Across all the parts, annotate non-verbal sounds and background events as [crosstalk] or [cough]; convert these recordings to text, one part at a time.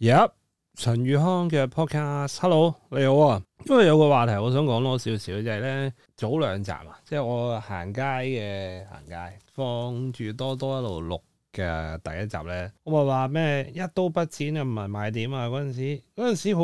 Yep 陳宇康嘅 podcast，Hello，你好啊，因為有個話題我想講多少少，就係、是、咧早兩集啊，即、就、係、是、我行街嘅行街，放住多多一路錄嘅第一集咧， [music] 我咪話咩一刀不剪就唔係賣點啊，嗰陣時嗰陣時,時好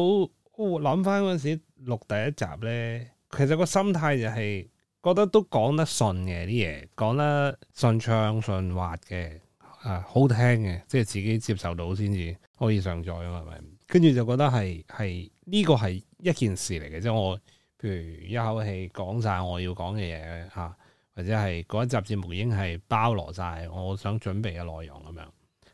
諗翻嗰陣時錄第一集咧，其實個心態就係、是、覺得都講得順嘅啲嘢，講得順暢順滑嘅。啊，好聽嘅，即係自己接受到先至可以上載啊嘛，係咪？跟住就覺得係係呢個係一件事嚟嘅，即係我譬如一口氣講晒我要講嘅嘢嚇，或者係嗰一集節目已經係包羅晒我想準備嘅內容咁樣，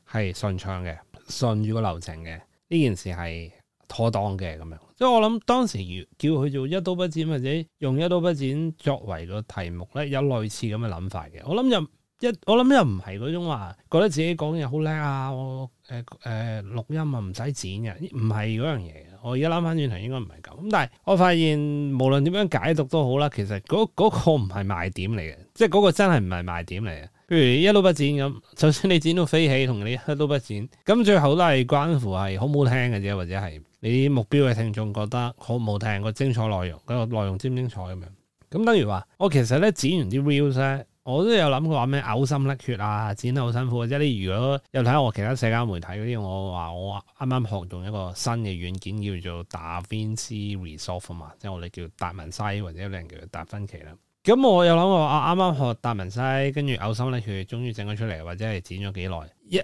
係順暢嘅，順住個流程嘅，呢件事係妥當嘅咁樣。即係我諗當時叫佢做「一刀不剪」，或者用「一刀不剪」作為個題目咧，有類似咁嘅諗法嘅。我諗就。一我諗又唔係嗰種話，覺得自己講嘢好叻啊！我誒誒錄音啊，唔使剪嘅，唔係嗰樣嘢。我而家諗翻轉頭，應該唔係咁。但係我發現，無論點樣解讀都好啦，其實嗰、嗰、嗰個唔係、嗰個、賣點嚟嘅，即係嗰個真係唔係賣點嚟嘅。譬如一刀不剪咁，就算你剪到飛起，同你一刀不剪，咁最後都係關乎係好唔好聽嘅啫，或者係你啲目標嘅聽眾覺得好唔好聽、嗰個精彩內容，嗰、嗰個內容尖唔精彩咁樣。咁等於話，我其實咧剪完啲 reels 咧。我都有諗過話咩嘔心瀝血啊，剪得好辛苦啊！即係你如果有睇我其他社交媒體嗰啲，我話我啱啱學用一個新嘅軟件叫做 Da Vinci Resolve 啊嘛，即係我哋叫達文西或者有人叫達芬奇啦。咁我有諗過，啊啱啱學達文西，跟住嘔心瀝血，終於整咗出嚟，或者係剪咗幾耐。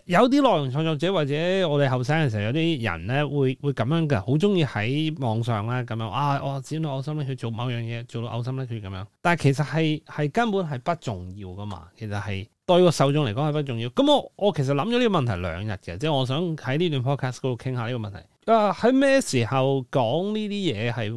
有啲內容創作者或者我哋後生嘅時候，有啲人咧，會會咁樣嘅，好中意喺網上咧咁樣，啊我、哦、剪到嘔心瀝血，做某樣嘢，做到嘔心瀝血咁樣。但係其實係係根本係不重要噶嘛，其實係對個受眾嚟講係不重要。咁我我其實諗咗呢個問題兩日嘅，即係我想喺呢段 podcast 嗰度傾下呢個問題。啊喺咩時候講呢啲嘢係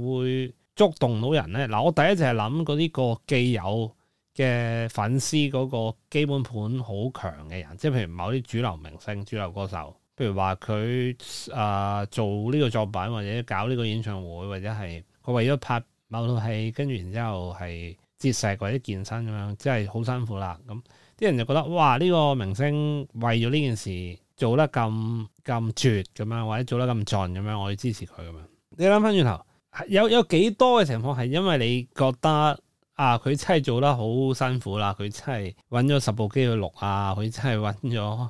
會？觸動到人咧，嗱，我第一就係諗嗰啲個既有嘅粉絲嗰個基本盤好強嘅人，即係譬如某啲主流明星、主流歌手，譬如話佢啊做呢個作品或者搞呢個演唱會或者係佢為咗拍某套戲，跟住然之後係節食或者健身咁樣，即係好辛苦啦。咁啲人就覺得哇，呢、呢個明星為咗呢件事做得咁咁絕咁樣，或者做得咁盡咁樣，我要支持佢咁樣。你諗翻轉頭。有有幾多嘅情況係因為你覺得啊佢真係做得好辛苦啦，佢真係揾咗十部機去錄啊，佢真係揾咗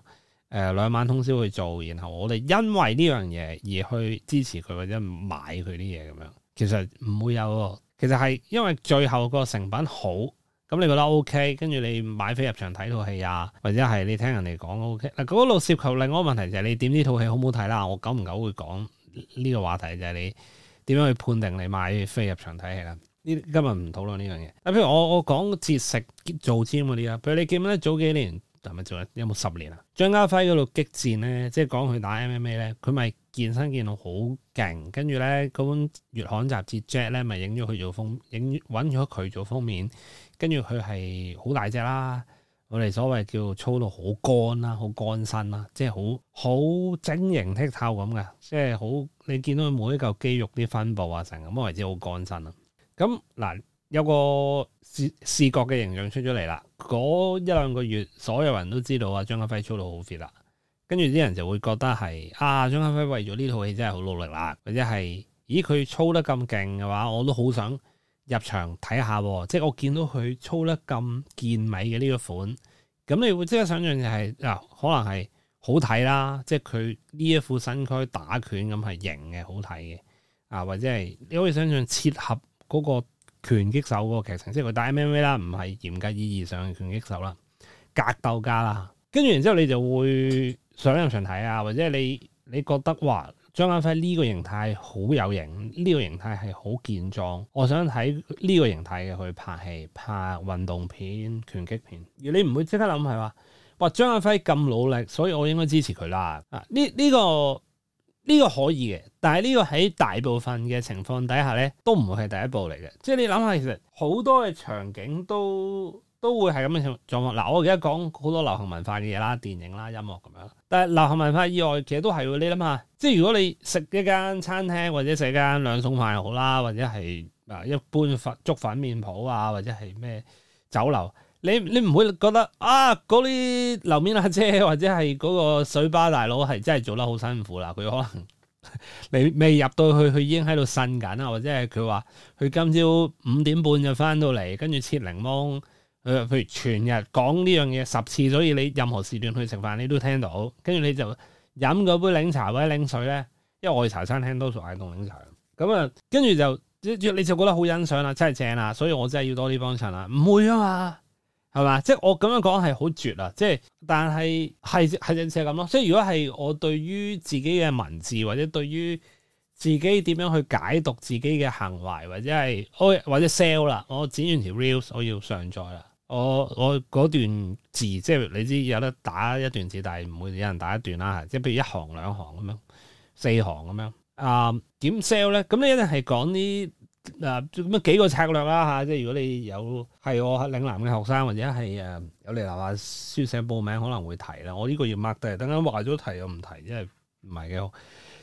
誒兩晚通宵去做，然後我哋因為呢樣嘢而去支持佢或者買佢啲嘢咁樣，其實唔會有，其實係因為最後個成品好，咁你覺得 OK，跟住你買飛入場睇套戲啊，或者係你聽人哋講 OK，嗱，嗰度涉及另外一個問題就係你點呢套戲好唔好睇啦，我久唔久會講呢個話題就係你。點樣去判定你買飛入場睇戲啦？呢今日唔討論呢樣嘢。嗱、啊，譬如我我講節食、做 gym 嗰啲啦。譬如你記唔記得早幾年係咪做？有冇十年啊？張家輝嗰度激戰咧，即係講佢打 MMA 咧，佢咪健身健到好勁。跟住咧嗰本《月刊雜誌》Jet 咧，咪影咗佢做封，影揾咗佢做封面。跟住佢係好大隻啦。我哋所謂叫操到好乾啦，好乾身啦，即係好好晶瑩剔透咁嘅，即係好你見到每一嚿肌肉啲分布啊，成咁為之好乾身啊。咁嗱，有個視視覺嘅形象出咗嚟啦。嗰一兩個月，所有人都知道啊，張家輝操到好 fit 啦。跟住啲人就會覺得係啊，張家輝為咗呢套戲真係好努力啦。或者係，咦，佢操得咁勁嘅話，我都好想入場睇下喎。即係我見到佢操得咁健美嘅呢個款。咁你會即刻想象就係嗱，可能係好睇啦，即係佢呢一副身軀打拳咁係型嘅，好睇嘅啊，或者係你可以想象切合嗰個拳擊手嗰個劇情，即係佢打 MMA 啦，唔係嚴格意義上嘅拳擊手啦，格鬥家啦，跟住然之後你就會想入場睇啊，或者你你覺得話，哇張家輝呢個形態好有型，呢、這個形態係好健壯。我想睇呢個形態嘅去拍戲、拍運動片、拳擊片。而你唔會即刻諗係話，哇，張家輝咁努力，所以我應該支持佢啦。啊，呢呢、這個呢、這個可以嘅，但係呢個喺大部分嘅情況底下咧，都唔會係第一部嚟嘅。即係你諗下，其實好多嘅場景都都會係咁嘅情況狀況。嗱，我而家講好多流行文化嘅嘢啦，電影啦、音樂咁樣。但係流行文化以外，其實都係你諗下，即係如果你食一間餐廳，或者食間兩餸飯又好啦，或者係啊一般粥粉麵鋪啊，或者係咩酒樓，你你唔會覺得啊嗰啲樓面阿姐，或者係嗰個水吧大佬係真係做得好辛苦啦。佢可能未 [laughs] 未入到去，佢已經喺度呻緊啊，或者係佢話佢今朝五點半就翻到嚟，跟住切檸檬。譬如全日講呢樣嘢十次，所以你任何時段去食飯，你都聽到。跟住你就飲嗰杯檸茶或者檸水咧，因為我去茶餐廳多數嗌凍檸茶。咁啊，跟住就你就覺得好欣賞啦，真係正啦，所以我真係要多啲幫襯啦。唔會啊嘛，係嘛？即係我咁樣講係好絕啊！即係，但係係係正正咁咯。即係如果係我對於自己嘅文字或者對於自己點樣去解讀自己嘅行為，或者係我或者 sell 啦，我剪完條 reels 我要上載啦。我我嗰段字即係你知有得打一段字，但係唔會有人打一段啦。即係譬如一行兩行咁樣，四行咁樣。啊、呃，點 sell 咧？咁你一定係講啲啊咁啊幾個策略啦吓、啊。即係如果你有係我嶺南嘅學生，或者係誒有嚟嗱嗱書寫報名，可能會提啦。我呢個要 mark 低，等陣話咗提又唔提，因為唔係幾好。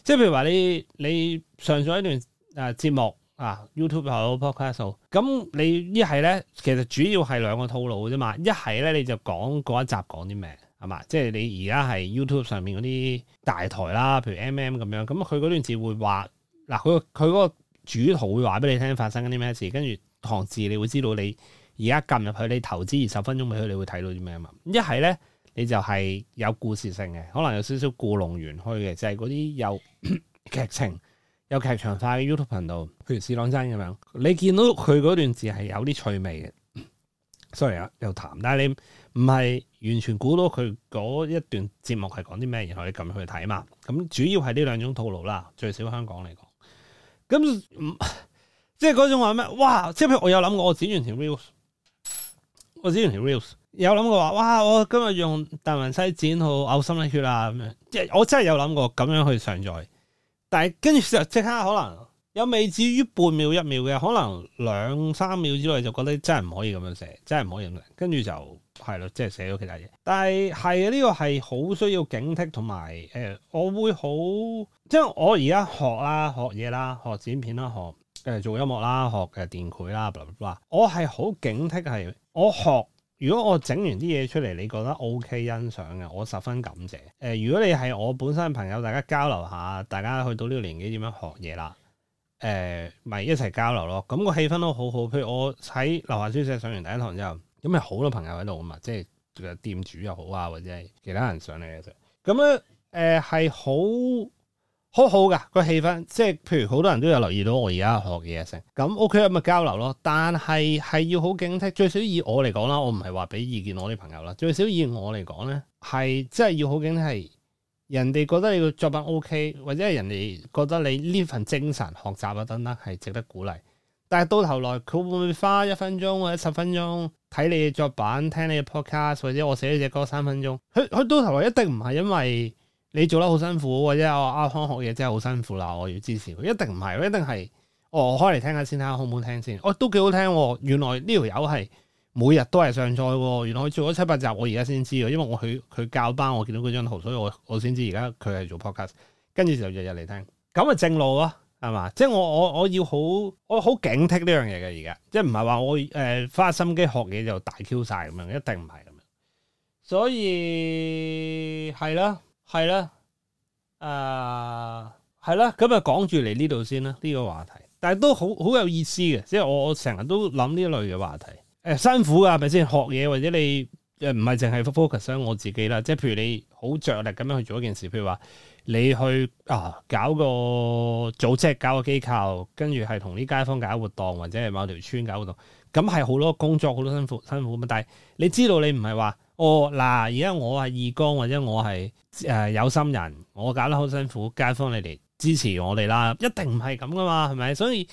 即係譬如話你你上咗一段誒節、呃、目。啊，YouTube 又有 podcast，咁你一係咧，其實主要係兩個套路嘅啫嘛。一係咧，你就講嗰一集講啲咩，係嘛？即係你而家係 YouTube 上面嗰啲大台啦，譬如 MM 咁樣，咁佢嗰段字會話，嗱佢佢嗰個主圖會話俾你聽發生緊啲咩事，跟住行字你會知道你而家撳入去你投資二十分鐘俾佢，你會睇到啲咩嘛？一係咧，你就係有故事性嘅，可能有少少故弄玄虛嘅，就係嗰啲有 [coughs] 劇情。有劇場化嘅 YouTube 頻道，譬如試當真咁樣，你見到佢嗰段字係有啲趣味嘅，Sorry 啊有痰，但係你唔係完全估到佢嗰一段節目係講啲咩，然後你撳去睇嘛。咁主要係呢兩種套路啦，最少香港嚟講。咁、嗯、即係嗰種話咩？哇！即係譬如我有諗過，我剪完條 reels，我剪完條 reels 有諗過話，哇！我今日用達文西剪好嘔、呃、心瀝血啊咁樣，即係我真係有諗過咁樣去上載。但係跟住就即刻可能又未至於半秒一秒嘅，可能兩三秒之內就覺得真係唔可以咁樣寫，真係唔可以咁樣寫。跟住就係咯，即係寫咗其他嘢。但係係呢個係好需要警惕同埋誒，我會好即係我而家學啦，學嘢啦，學剪片啦，學誒、呃、做音樂啦，學嘅電繪啦，blah blah blah 我係好警惕係我學。如果我整完啲嘢出嚟，你覺得 OK 欣賞嘅，我十分感謝。誒、呃，如果你係我本身嘅朋友，大家交流下，大家去到呢個年紀點樣學嘢啦，誒、呃，咪一齊交流咯。咁、嗯個氣氛都好好。譬如我喺樓下書室上完第一堂之後，咁咪好多朋友喺度噶嘛，即係個店主又好啊，或者其他人上嚟嘅啫。咁樣，誒係好。好好噶、個氣氛，即係譬如好多人都有留意到我而家學嘅嘢成咁，O K 咁咪交流咯。但係係要好警惕，最少以我嚟講啦，我唔係話俾意見我啲朋友啦。最少以我嚟講咧，係即係要好警惕。人哋覺得你嘅作品 OK，或者係人哋覺得你呢份精神學習啊等等係值得鼓勵。但係到頭來佢會唔會花一分鐘或者十分鐘睇你嘅作品、聽你嘅 podcast，或者我寫呢隻歌三分鐘？佢佢到頭來一定唔係因為。你做得好辛苦，或者我阿康學嘢真係好辛苦嗱，我要支持佢。一定唔係，一定係、哦、我開嚟聽下先聽下，睇下好唔好聽先。哦，都幾好聽。原來呢條友係每日都係上菜。原來佢做咗七八集，我而家先知。因為我去佢佢教班，我見到佢張圖，所以我我先知而家佢係做 podcast。跟住就日日嚟聽，咁啊正路咯，係嘛？即係我我我要好我好警惕呢樣嘢嘅而家，即係唔係話我誒、呃、花心機學嘢就大 Q 晒咁樣，一定唔係咁樣。所以係啦。係啦，誒，係、呃、啦，咁啊，講住嚟呢度先啦，呢、這個話題，但係都好好有意思嘅，即係我我成日都諗呢類嘅話題，誒、欸，辛苦噶，咪先學嘢，或者你誒唔、呃、係淨係 focus 我自己啦，即係譬如你好着力咁樣去做一件事，譬如話你去啊搞個組織，搞個機構，跟住係同啲街坊搞活動，或者係某條村搞活動，咁係好多工作，好多辛苦，辛苦咁，但係你知道你唔係話。哦嗱，而家我係義工，或者我係誒、呃、有心人，我搞得好辛苦，街坊你哋支持我哋啦，一定唔係咁噶嘛，係咪？所以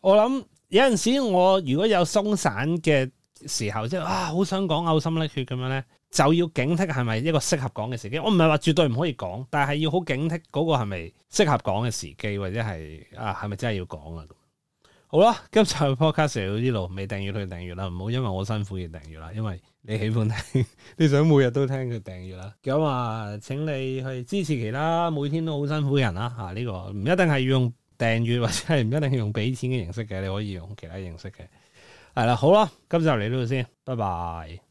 我諗有陣時我如果有鬆散嘅時候，即係啊，好想講嘔心瀝血咁樣咧，就要警惕係咪一個適合講嘅時機。我唔係話絕對唔可以講，但係要好警惕嗰個係咪適合講嘅時機，或者係啊係咪真係要講啊？是好啦，今集 Podcast 嚟到呢度，未訂閱去訂閱啦，唔好因為我辛苦而訂閱啦，因為你喜歡聽， [laughs] 你想每日都聽訂閱，佢訂閱啦。咁啊，請你去支持其他每天都好辛苦嘅人啦，啊。吓、啊，呢、呢個唔一定係要用訂閱或者係唔一定用俾錢嘅形式嘅，你可以用其他形式嘅。係啦，好啦，今集嚟呢度先，拜拜。